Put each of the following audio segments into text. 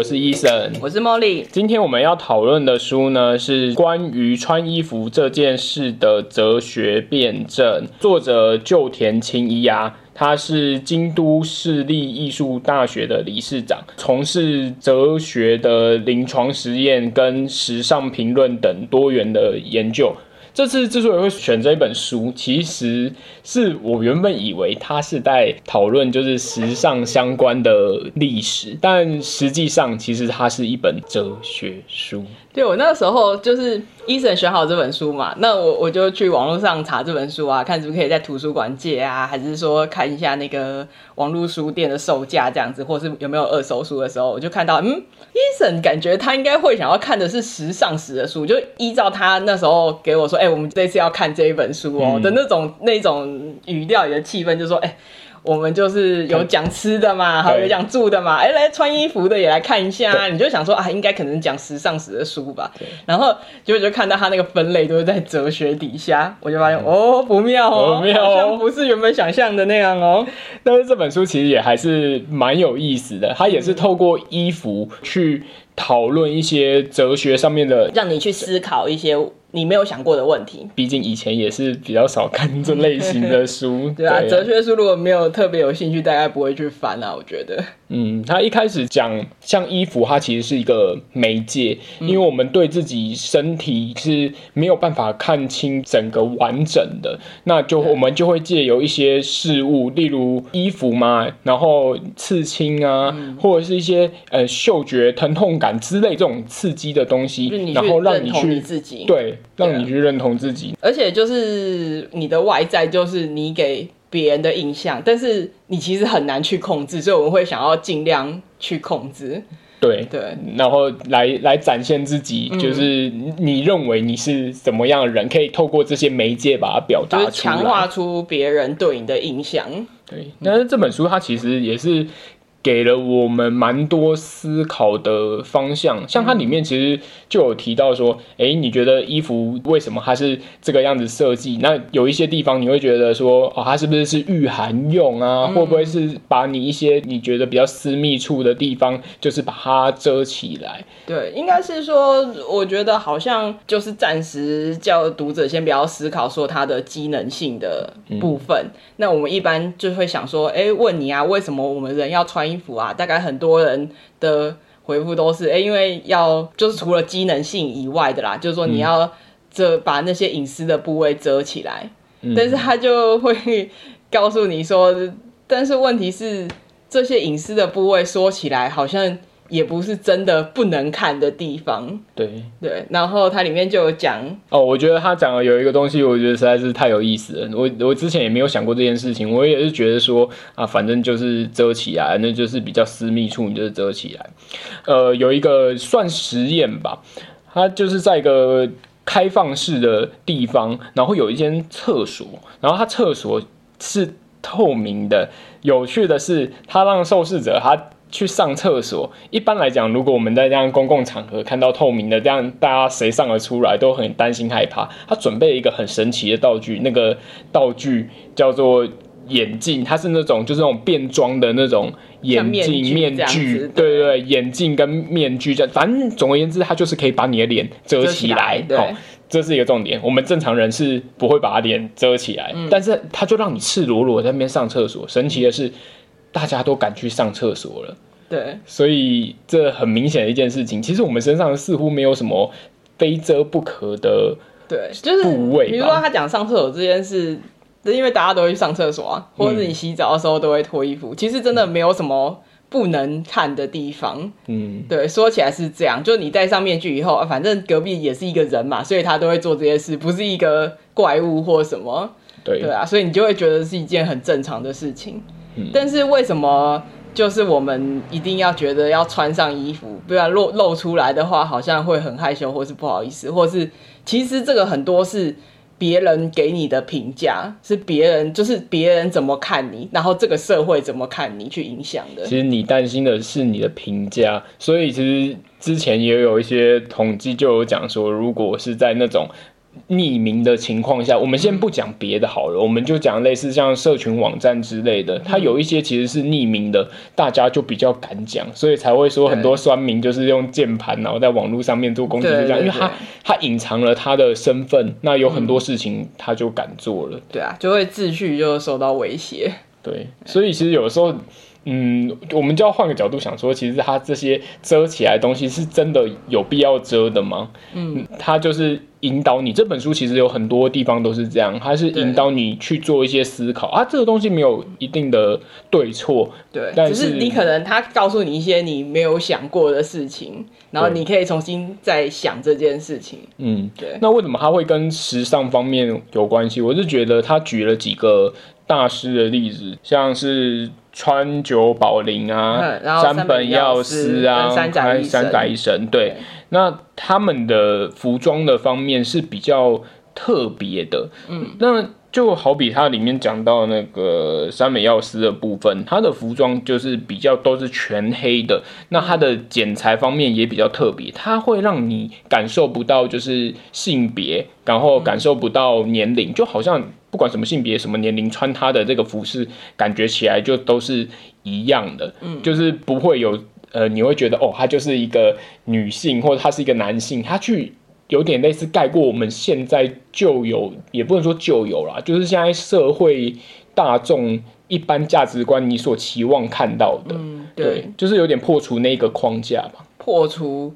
我是伊森，我是茉莉。今天我們要討論的書呢，是關於穿衣服這件事的哲學辯證。作者鷲田清一啊，他是京都市立藝術大學的理事長，從事哲學的臨床實驗跟時尚評論等多元的研究。這次之所以會選這一本書，其實是我原本以為它是在討論就是時尚相關的歷史，但實際上其實它是一本哲學書。對我那時候就是 Eason 選好這本書嘛，那我我就去網絡上查這本書啊，看是不是可以在圖書館借啊，還是說看一下那個網絡書店的售價這樣子，或是有沒有二手書的時候，我就看到嗯，Eason 感覺他應該會想要看的是時尚史的書，就依照他那時候給我說，哎，欸，我們這次要看這一本書哦，嗯、的那種那種語調裡的氣氛，就是，就說哎，我們就是有講吃的嘛，看還有講住的嘛，哎對、欸，來穿衣服的也來看一下，啊。對你就想說啊，應該可能講時尚史的書吧，對然後結果就看到它那個分類都是在哲學底下，我就發現、嗯、哦，不妙哦，不妙哦，好像不是原本想象的那樣哦。但是這本書其實也還是蠻有意思的，它也是透過衣服去討論一些哲學上面的，嗯，讓你去思考一些。你沒有想過的問題，畢竟以前也是比較少看這類型的書， 對啊，對啊，哲學書如果沒有特別有興趣，大概不會去翻啊，我覺得。嗯，他一開始講，像衣服，它其實是一個媒介，嗯、因為我們對自己身體是沒有辦法看清整個完整的，那就我們就會借由一些事物，嗯、例如衣服嘛，然後刺青啊，嗯、或者是一些呃嗅覺、疼痛感之類這種刺激的東西，然後讓你去你對。讓你去認同自己，而且就是你的外在，就是你給別人的印象，但是你其實很難去控制，所以我們會想要盡量去控制。對對，對，然後來來展現自己，就是你認為你是怎麼樣的人，可以透過這些媒介把它表達出來，強化出別人對你的印象。對，那這本書它其實也是。給了我們蠻多思考的方向，像它裡面其實就有提到說，哎，你覺得衣服為什麼還是這個樣子設計？那有一些地方你會覺得說，哦，它是不是是御寒用啊？會不會是把你一些你覺得比較私密處的地方，就是把它遮起來，嗯？對，應該是說，我覺得好像就是暫時叫讀者先不要思考說它的機能性的部分。嗯、那我們一般就會想說，哎，問你啊，為什麼我們人要穿？衣服啊，大概很多人的回復都是誒、欸，因為要就是除了機能性以外的啦，就是說你要遮把那些隱私的部位遮起來，嗯、但是他就會告訴你說，但是問題是這些隱私的部位說起來好像。也不是真的不能看的地方。對對，然後它裡面就有講哦，我覺得他講的有一個東西，我覺得實在是太有意思了。我我之前也沒有想過這件事情，我也是覺得說啊，反正就是遮起來，那就是比較私密處，你就是遮起來。呃，有一個算實驗吧，他就是在一個開放式的地方，然後有一間廁所，然後他廁所是透明的。有趣的是，他讓受試者他。去上廁所，一般來講，如果我們在這樣公共場合看到透明的這樣，大家誰上得出來都很擔心害怕。他準備了一個很神奇的道具，那個道具叫做眼鏡，它是那種就是那種變裝的那種眼鏡面具、面具，面具對，對對，眼鏡跟面具這樣，反正總而言之，它就是可以把你的臉遮起來。好、哦，這是一個重點。我們正常人是不會把臉遮起來，嗯、但是他就讓你赤裸裸在那邊上廁所。神奇的是。嗯大家都敢去上廁所了，對，所以這很明顯的一件事情，其實我們身上似乎沒有什麼非遮不可的，對，就是部位，比如說他講上廁所這件事，因為大家都會去上廁所啊，或者你洗澡的時候都會脫衣服，嗯、其實真的沒有什麼不能看的地方。嗯，對，說起來是這樣，就你戴上面具以後、啊，反正隔壁也是一個人嘛，所以他都會做這些事，不是一個怪物或什麼，對，對啊，所以你就會覺得是一件很正常的事情。但是為什麼就是我們一定要覺得要穿上衣服，不然露露出來的話，好像會很害羞，或是不好意思，或是其實這個很多是別人給你的評價，是別人就是別人怎麼看你，然後這個社會怎麼看你去影響的。其實你擔心的是你的評價，所以其實之前也有一些統計就有講說，如果是在那種，匿名的情況下，我們先不講別的好了，嗯、我們就講類似像社群網站之類的，嗯、它有一些其實是匿名的，大家就比較敢講，所以才會說很多酸民就是用鍵盤，然後在網絡上面做攻擊，就這樣，對對對，因為他他隱藏了他的身份，那有很多事情他就敢做了，嗯、對啊，就會秩序就受到威脅，對，所以其實有時候。嗯，我們就要換個角度想說，其實他這些遮起來的東西是真的有必要遮的嗎？嗯，他就是引導你。這本書其實有很多地方都是這樣，他是引導你去做一些思考對啊。這個東西沒有一定的對錯，對，但是只是你可能他告訴你一些你沒有想過的事情，然後你可以重新再想這件事情。對對嗯，對。那為什麼他會跟時尚方面有關係？我是覺得他舉了幾個。大師的例子，像是川久保玲啊，嗯、山本耀司啊，還有三宅一生，對，對，那他們的服裝的方面是比較特別的，嗯，那。就好比它裡面講到那個山本耀司的部分，它的服裝就是比較都是全黑的，那它的剪裁方面也比較特別，它會讓你感受不到就是性別，然後感受不到年齡，嗯、就好像不管什麼性別、什麼年齡，穿它的這個服飾，感覺起來就都是一樣的，嗯，就是不會有呃，你會覺得哦，他就是一個女性，或者他是一個男性，他去。有點類似蓋過我們現在舊有，也不能說舊有啦，就是現在社會大眾一般價值觀，你所期望看到的，嗯、對，對，就是有點破除那個框架吧。破除，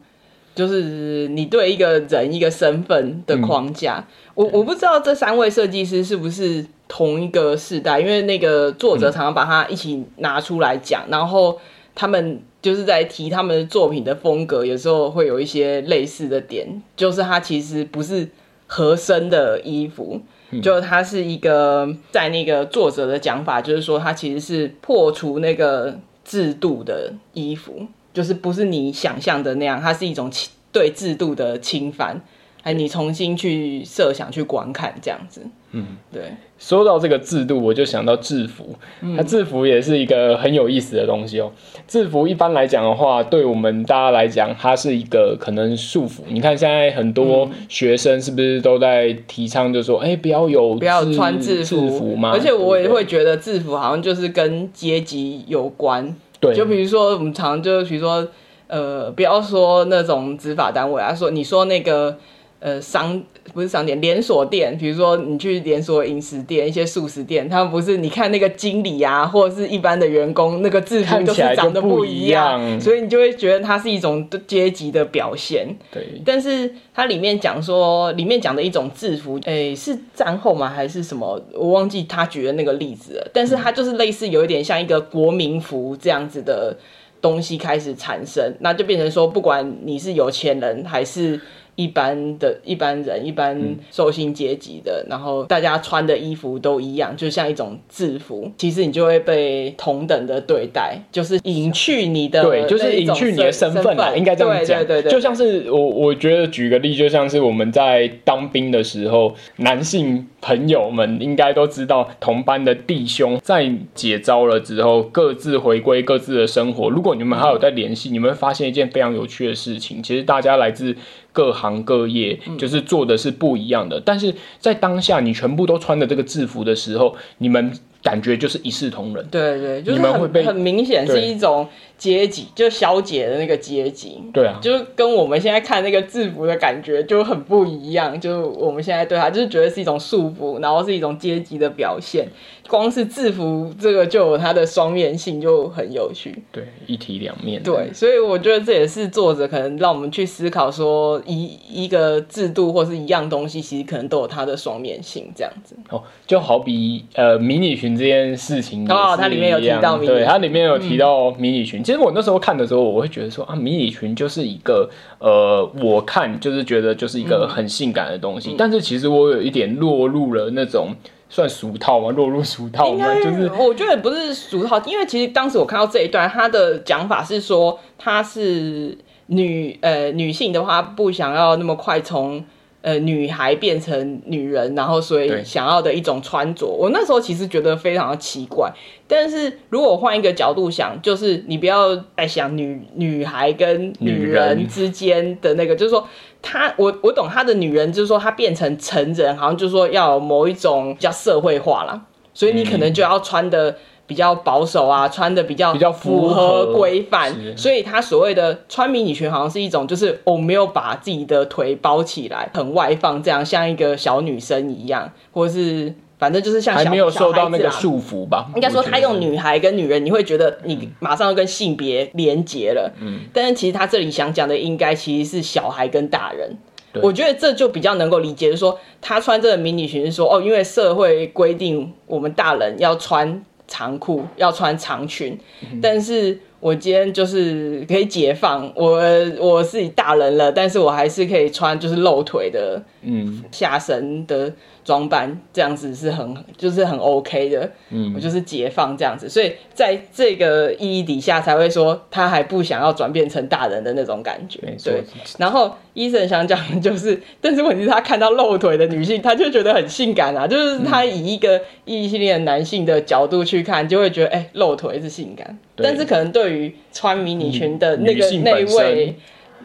就是你對一個人一個身份的框架。嗯、我我不知道這三位設計師是不是同一個世代，因為那個作者常常把他一起拿出來講，嗯、然後他們。就是在提他們的作品的風格，有時候會有一些類似的點。就是他其實不是合身的衣服，就他是一個在那個作者的講法，就是說他其實是破除那個制度的衣服，就是不是你想象的那樣，它是一種對制度的侵犯，哎，你重新去設想去觀看這樣子，嗯，對。說到這個制度，我就想到制服。那制服也是一個很有意思的東西哦、喔。嗯、制服一般來講的話，對我們大家來講，它是一個可能束縛。你看現在很多學生是不是都在提倡，就說哎、嗯欸，不要有不要穿制服，制服。而且我也會覺得制服好像就是跟階級有關。對，就比如說我們常就比如說呃，不要說那種執法單位、啊，說你說那個。呃，商不是商店、連鎖店，比如說你去連鎖飲食店、一些素食店，他們不是你看那個經理啊，或者是一般的員工，那個制服都是長得不一樣，看起來就不一樣，所以你就會覺得它是一種階級的表現。對，但是它裡面講說，裡面講的一種制服，哎、欸，是戰後嗎？還是什麼？我忘記他舉的那個例子了，但是它就是類似有一點像一個國民服這樣子的東西開始產生，那就變成說，不管你是有錢人還是。一般的、一般人、一般受薪階級的，嗯、然後大家穿的衣服都一樣，就像一種制服。其實你就會被同等的對待，就是隱去你的對，就是隱去你的身份吧、啊。分應該這樣講，對對對對，就像是我，我覺得舉個例，就像是我們在當兵的時候，男性朋友們應該都知道，同班的弟兄在解召了之後，各自回歸各自的生活。如果你們還有在聯繫，嗯、你們會發現一件非常有趣的事情，其實大家來自。各行各業就是做的是不一樣的，嗯，但是在當下你全部都穿着這個制服的時候，你們感覺就是一視同仁。對對，就是很你們會被很明顯是一種。階級就消解的那個階級，對啊，就是跟我們現在看那個制服的感覺就很不一樣。就我們現在對他就是覺得是一種束縛，然後是一種階級的表現。光是制服這個就有它的雙面性，就很有趣。對，一體兩面。對，所以我覺得這也是作者可能讓我們去思考說，一一個制度或是一樣東西，其實可能都有它的雙面性，這樣子。哦，就好比呃，迷你裙這件事情，哦，它裡面有提到迷你裙，對，它裡面有提到迷你裙，嗯其實我那時候看的時候，我會覺得說啊，迷你裙就是一個呃，我看就是覺得就是一個很性感的東西。但是其實我有一點落入了那種算俗套嗎？落入俗套嗎？就是我覺得不是俗套，因為其實當時我看到這一段，他的講法是說，她是女呃女性的話不想要那麼快從。呃，女孩變成女人，然後所以想要的一種穿着，對我那時候其實覺得非常的奇怪。但是如果換一個角度想，就是你不要在想女女孩跟女人之間的那個，人就是說她，我我懂她的女人，就是說她變成成人，好像就是說要有某一種叫社會化啦，所以你可能就要穿的。嗯嗯比較保守啊，穿的比較比較符合規範，所以他所謂的穿迷你裙，好像是一種就是我、哦、沒有把自己的腿包起來，很外放，這樣像一個小女生一樣，或是反正就是像小還沒有受到那個束縛吧、啊。應該說他用女孩跟女人，你會覺得你馬上要跟性別連結了。嗯，但是其實他這裡想講的，應該其實是小孩跟大人。嗯、我覺得這就比較能夠理解，就是說他穿這個迷你裙是說哦，因為社會規定我們大人要穿，長褲要穿長裙，嗯、但是我今天就是可以解放我，我是大人了，但是我還是可以穿就是露腿的。嗯，下身的裝扮這樣子是很就是很 OK 的。嗯，我就是解放這樣子，所以在這個意義底下才會說他還不想要轉變成大人的那種感覺。錯對。然後伊森想講的就是，但是問題是，他看到露腿的女性，他就覺得很性感啊，就是他以一個異性戀男性的角度去看，就會覺得哎、欸，露腿是性感。對。但是可能對於穿迷你裙的那個那位、個。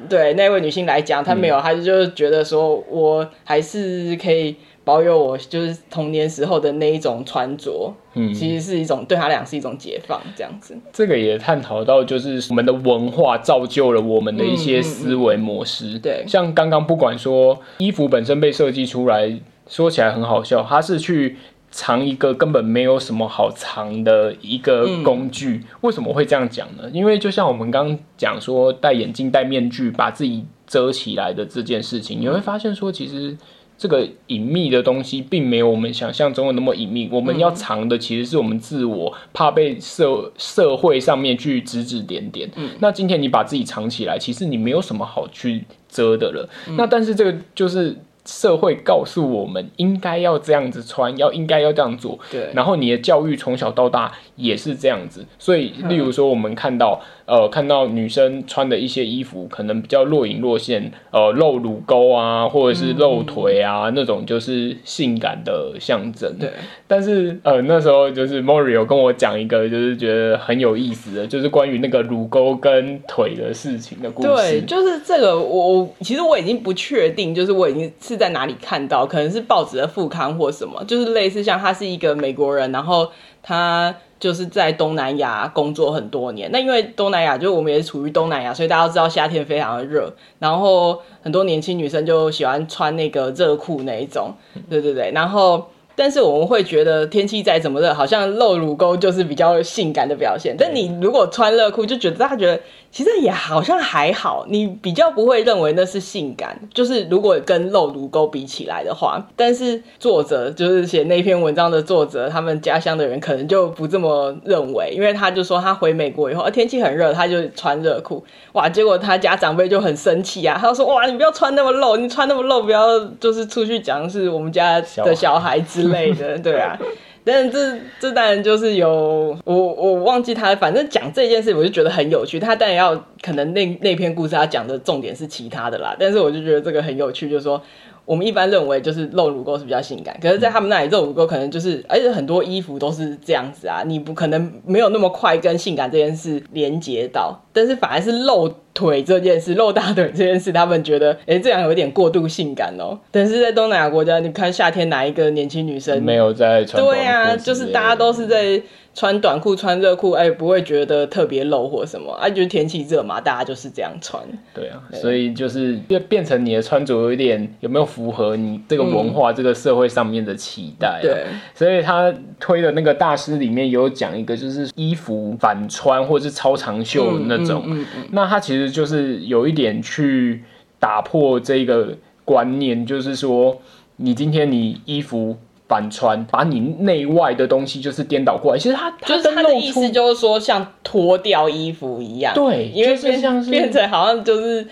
對那位女性來講，她沒有，嗯、她就是覺得說，我還是可以保有我就是童年時候的那一種穿着，嗯，其實是一種對她倆是一種解放，這樣子。這個也探討到，就是我們的文化造就了我們的一些思維模式。嗯嗯嗯嗯、對，像剛剛不管說衣服本身被設計出來，說起來很好笑，她是去。藏一個根本沒有什麼好藏的一個工具，嗯、為什麼會這樣講呢？因為就像我們剛剛講說戴眼鏡、戴面具把自己遮起來的這件事情，嗯、你會發現說，其實這個隱祕的東西並沒有我們想象中的那麼隱祕。嗯、我們要藏的其實是我們自我，怕被社社會上面去指指點點。嗯、那今天你把自己藏起來，其實你沒有什麼好去遮的了。嗯、那但是這個就是。社會告訴我們應該要這樣子穿，要應該要這樣做。對，然後你的教育從小到大也是這樣子。所以，例如說，我們看到、嗯、呃，看到女生穿的一些衣服，可能比較若隱若現，呃，露乳溝啊，或者是露腿啊，嗯、那種就是性感的象徵。對。但是，呃，那時候就是 Morrie 有跟我講一個，就是覺得很有意思的，就是關於那個乳溝跟腿的事情的故事。對，就是這個我，我其實我已經不確定，就是我已經是。在哪裡看到？可能是報紙的副刊或什麼，就是類似像他是一個美國人，然後他就是在東南亞工作很多年。那因為東南亞就是我們也處於東南亞，所以大家都知道夏天非常的熱，然後很多年輕女生就喜歡穿那個熱褲那一種。對對對，然後但是我們會覺得天氣再怎麼熱，好像露乳溝就是比較性感的表現。但你如果穿熱褲，就覺得大家覺得。其實也好像還好，你比較不會認為那是性感，就是如果跟露乳溝比起來的話。但是作者就是寫那篇文章的作者，他們家鄉的人可能就不這麼認為，因為他就說他回美國以後，天氣很熱，他就穿熱褲，哇，結果他家長輩就很生氣啊，他就說哇，你不要穿那麼露，你穿那麼露不要就是出去講是我們家的小孩之類的，小孩 對啊。但是這這當然就是有我我忘記他，反正講這件事我就覺得很有趣。他當然要可能那那篇故事他講的重點是其他的啦，但是我就覺得這個很有趣，就是說。我們一般認為就是露乳溝是比較性感，可是，在他們那裡，露乳溝可能就是，而、欸、且很多衣服都是這樣子啊，你不可能沒有那麼快跟性感這件事連接到，但是反而是露腿這件事、露大腿這件事，他們覺得，哎、欸，這樣有一點過度性感哦、喔。但是在東南亞國家，你看夏天哪一個年輕女生沒有在穿？對啊，就是大家都是在。欸穿短褲、穿熱褲，哎、欸，不會覺得特別露或什麼，哎、啊，就是天氣熱嘛，大家就是這樣穿。對啊，對所以就是變變成你的穿着有一點有沒有符合你這個文化、嗯、這個社會上面的期待、啊。對，所以他推的那個大師裡面有講一個，就是衣服反穿或是超長袖的那種，嗯嗯嗯嗯嗯、那他其實就是有一點去打破這個觀念，就是說你今天你衣服。反穿把你內外的東西就是顛倒過來，其實他就是他的意思，就是說像脫掉衣服一樣，對，就是、是因為變，變成好像就是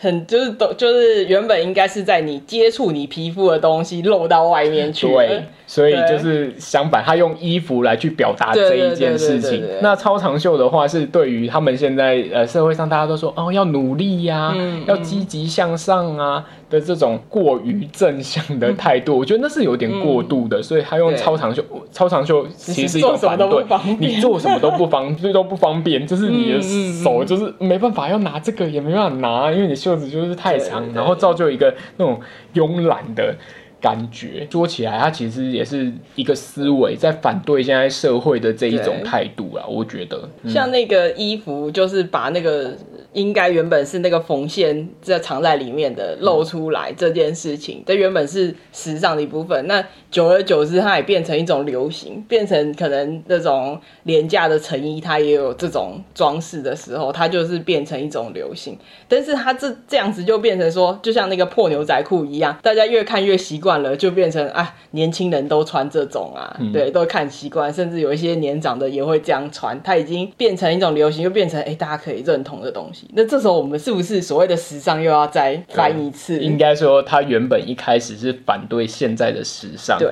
很就是都就是原本應該是在你接觸你皮膚的東西露到外面去，對，所以就是對相反，他用衣服來去表達這一件事情。那超長袖的話是對於他們現在呃社會上大家都說哦要努力呀、啊，嗯、要積極向上啊。嗯的這種過於正向的態度，我覺得那是有點過度的，所以他用超長袖，超長袖其實做什麼都不方便，你做什麼都不方，最多不方便，就是你的手就是沒辦法要拿這個，也沒辦法拿，因為你袖子就是太長，然後造就一個那種慵懶的感覺。說起來，他其實也是一個思維在反對現在社會的這一種態度啊我覺得。像那個衣服，就是把那個。應該原本是那個縫線這藏在裡面的，露出來這件事情，這、嗯、原本是時尚的一部分。那久而久之，它也變成一種流行，變成可能那種廉價的成衣，它也有這種裝飾的時候，它就是變成一種流行。但是它這這樣子就變成說，就像那個破牛仔褲一樣，大家越看越習慣了，就變成啊，年輕人都穿這種啊，嗯、對，都看習慣，甚至有一些年長的也會這樣穿。它已經變成一種流行，又變成哎、欸，大家可以認同的東西。那這時候我們是不是所謂的時尚又要再翻一次？應該說，他原本一開始是反對現在的時尚對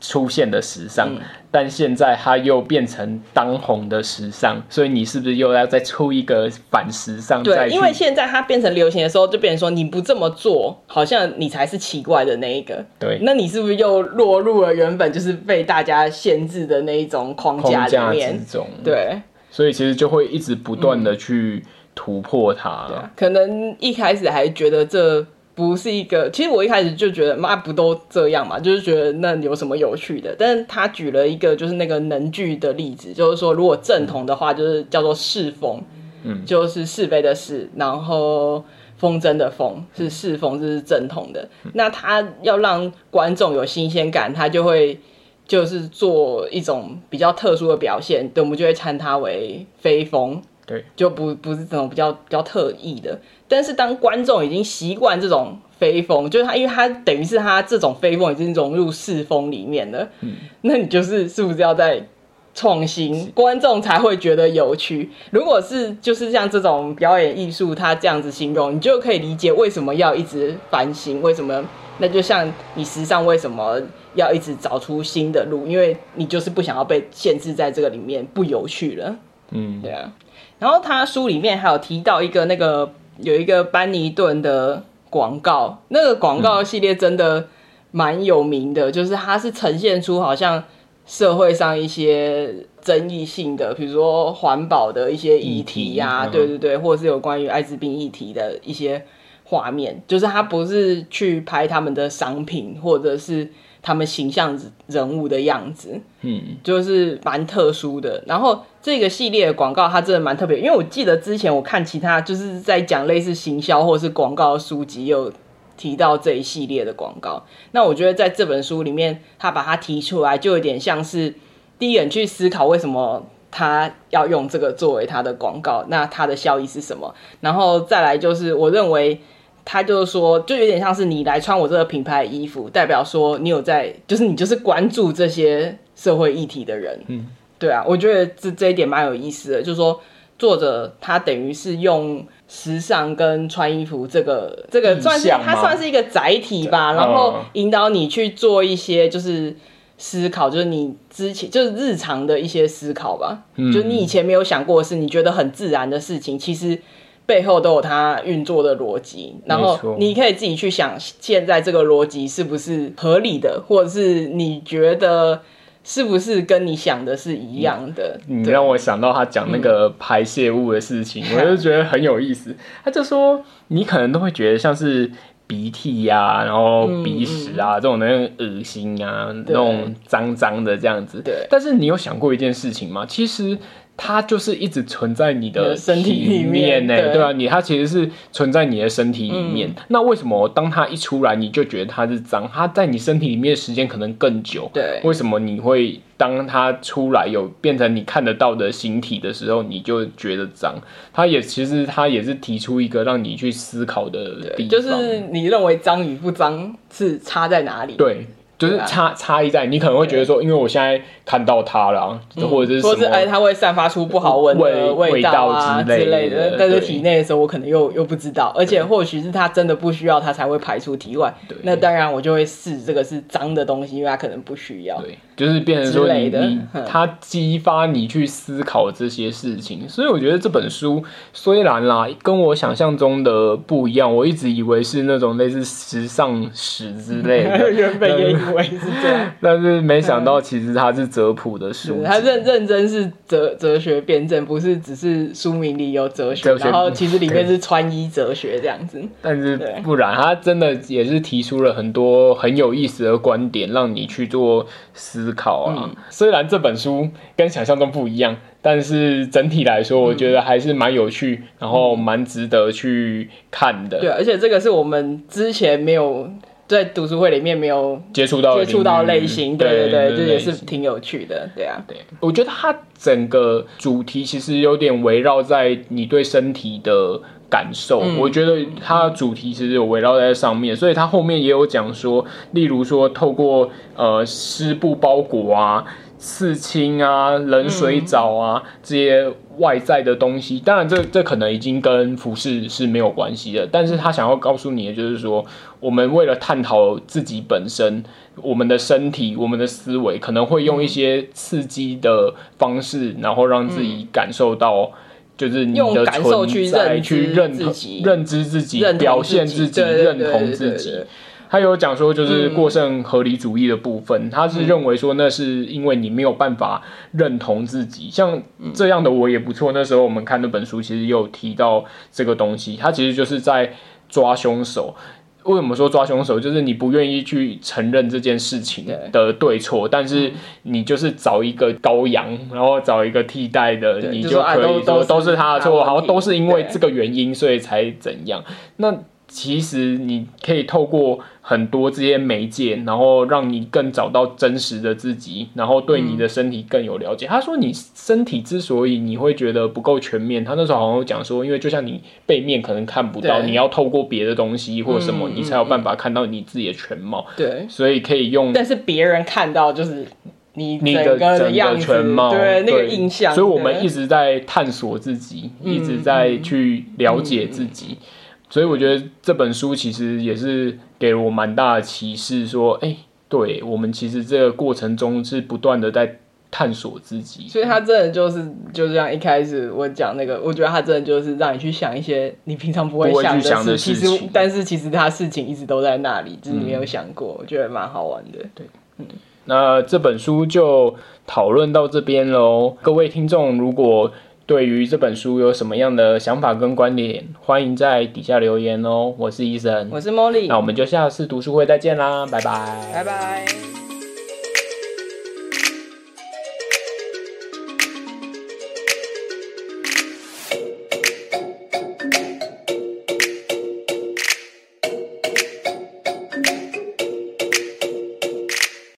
出現的時尚，嗯、但現在他又變成當紅的時尚，所以你是不是又要再出一個反時尚？對，因為現在它變成流行的時候，就變成說你不這麼做，好像你才是奇怪的那一個。對，那你是不是又落入了原本就是被大家限制的那一種框架裡面？對，所以其實就會一直不斷的去、嗯。突破它了，啊，可能一開始還覺得這不是一個，其實我一開始就覺得，媽、啊、不都這樣嘛，就是覺得那有什麼有趣的。但是他舉了一個就是那個能劇的例子，就是說如果正統的話，就是叫做是風，嗯、就是是非的事。然後風箏的風是是風，嗯、是正統的。那他要讓觀眾有新鮮感，他就會就是做一種比較特殊的表現，對，我們就會稱他為非風。對，就不不是這種比較比較特異的，但是當觀眾已經習慣這種飛風，就是他，因為他等於是他這種飛風已經融入四風裡面了。嗯、那你就是是不是要再創新，是觀眾才會覺得有趣？如果是就是像這種表演藝術，他這樣子形容，你就可以理解為什麼要一直翻新，為什麼那就像你時尚為什麼要一直找出新的路？因為你就是不想要被限制在這個裡面，不有趣了。嗯，對啊，然後他書裡面還有提到一個那個有一個班尼頓的廣告，那個廣告系列真的蠻有名的，嗯、就是它是呈現出好像社會上一些爭議性的，比如說環保的一些議題啊，題嗯、對對對，或者是有關於艾滋病議題的一些畫面，就是他不是去拍他們的商品，或者是。他們形象人物的樣子，嗯，就是蠻特殊的。然後這個系列的廣告，它真的蠻特別，因為我記得之前我看其他就是在講類似行銷或是廣告書籍，有提到這一系列的廣告。那我覺得在這本書裡面，他把它提出來，就有點像是第一眼去思考為什麼他要用這個作為他的廣告，那它的效益是什麼？然後再來就是，我認為。他就是說，就有點像是你來穿我這個品牌的衣服，代表說你有在，就是你就是關注這些社會議題的人。嗯，對啊，我覺得這這一點蠻有意思的，就是說作者他等於是用時尚跟穿衣服這個這個算是他算是一個載體吧，對然後引導你去做一些就是思考，就是你之前就是日常的一些思考吧，嗯，就你以前沒有想過的事，你覺得很自然的事情，其實。背後都有它運作的邏輯，然後你可以自己去想，現在這個邏輯是不是合理的，或者是你覺得是不是跟你想的是一樣的？嗯、你讓我想到他講那個排泄物的事情，嗯、我就覺得很有意思。 他就說，你可能都會覺得像是鼻涕呀、啊，然後鼻屎啊嗯嗯這種，那種噁心啊，對那種髒髒的這樣子。對。但是你有想過一件事情嗎？其實。它就是一直存在你的，你的身體裡面呢，對啊，你它其實是存在你的身體裡面。對嗯、那為什麼當它一出來，你就覺得它是髒？它在你身體裡面的時間可能更久，對？為什麼你會當它出來有變成你看得到的形體的時候，你就覺得髒？它也其實它也是提出一個讓你去思考的，就是你認為髒與不髒是差在哪裡？對。就是差差異在你可能會覺得說，因為我現在看到它了，或者是什麼，或是，哎，它會散發出不好聞的味道啊之類的，但是體內的時候，我可能又又不知道，而且或許是它真的不需要，它才會排出體外。對。那當然，我就會試這個是髒的東西，因為它可能不需要。對，就是變成說你的。它激發你去思考這些事情，所以我覺得這本書雖然啦跟我想象中的不一樣，我一直以為是那種類似時尚史之類的。是這樣，但是沒想到，其實他是哲普的書，嗯，他認認真是哲哲學辯證，不是只是書名裡有哲學，哲學，然後其實裡面是穿衣哲學這樣子。嗯、但是不然，他真的也是提出了很多很有意思的觀點，讓你去做思考啊。嗯、雖然這本書跟想象中不一樣，但是整體來說，我覺得還是蠻有趣，嗯、然後蠻值得去看的，嗯。對，而且這個是我們之前沒有。在讀書會裡面沒有接觸到接觸到類型，對對對，對對對就也是挺有趣的，類型對啊。對，我覺得它整個主題其實有點圍繞在你對身體的感受，嗯、我覺得它的主題其實有圍繞在上面，所以它後面也有講說，例如說透過呃濕布包裹啊。刺青啊，冷水澡啊，嗯、這些外在的東西，當然這這可能已經跟服飾是沒有關係的。但是他想要告訴你的就是說，我們為了探討自己本身，我們的身體，我們的思維，可能會用一些刺激的方式，嗯、然後讓自己感受到，嗯、就是你的存在，去認去認同、認知自己、自己表現自己、認同自己。他有講說，就是過剩合理主義的部分，嗯、他是認為說，那是因為你沒有辦法認同自己。嗯、像這樣的我也不錯。那時候我們看那本書，其實也有提到這個東西。他其實就是在抓兇手。為什麼說抓兇手？就是你不願意去承認這件事情的對錯，對，但是你就是找一個羔羊，然後找一個替代的，對你就可以說都是他的錯，好像都是因為這個原因，對所以才怎樣？那。其實你可以透過很多這些媒介，然後讓你更找到真實的自己，然後對你的身體更有了解。嗯、他說，你身體之所以你會覺得不夠全面，他那時候好像講說，因為就像你背面可能看不到，對你要透過別的東西或什麼，嗯、你才有辦法看到你自己的全貌。對，所以可以用。但是別人看到就是你你的全貌對那個印象。所以我們一直在探索自己，嗯、一直在去了解自己。嗯嗯所以我覺得這本書其實也是給了我蠻大的啟示，說，哎，對我們其實這個過程中是不斷的在探索自己。所以他真的就是，就像一開始我講那個，我覺得他真的就是讓你去想一些你平常不會想的事，不會去想的事情。其實，但是其實他事情一直都在那裡，只是沒有想過，嗯，我覺得蠻好玩的。對，嗯。那這本書就討論到這邊嘍。各位聽眾，如果對於這本書有什麼樣的想法跟觀點，歡迎在底下留言哦。我是 Eason，我是茉莉，那我們就下次讀書會再見啦，拜拜，拜拜。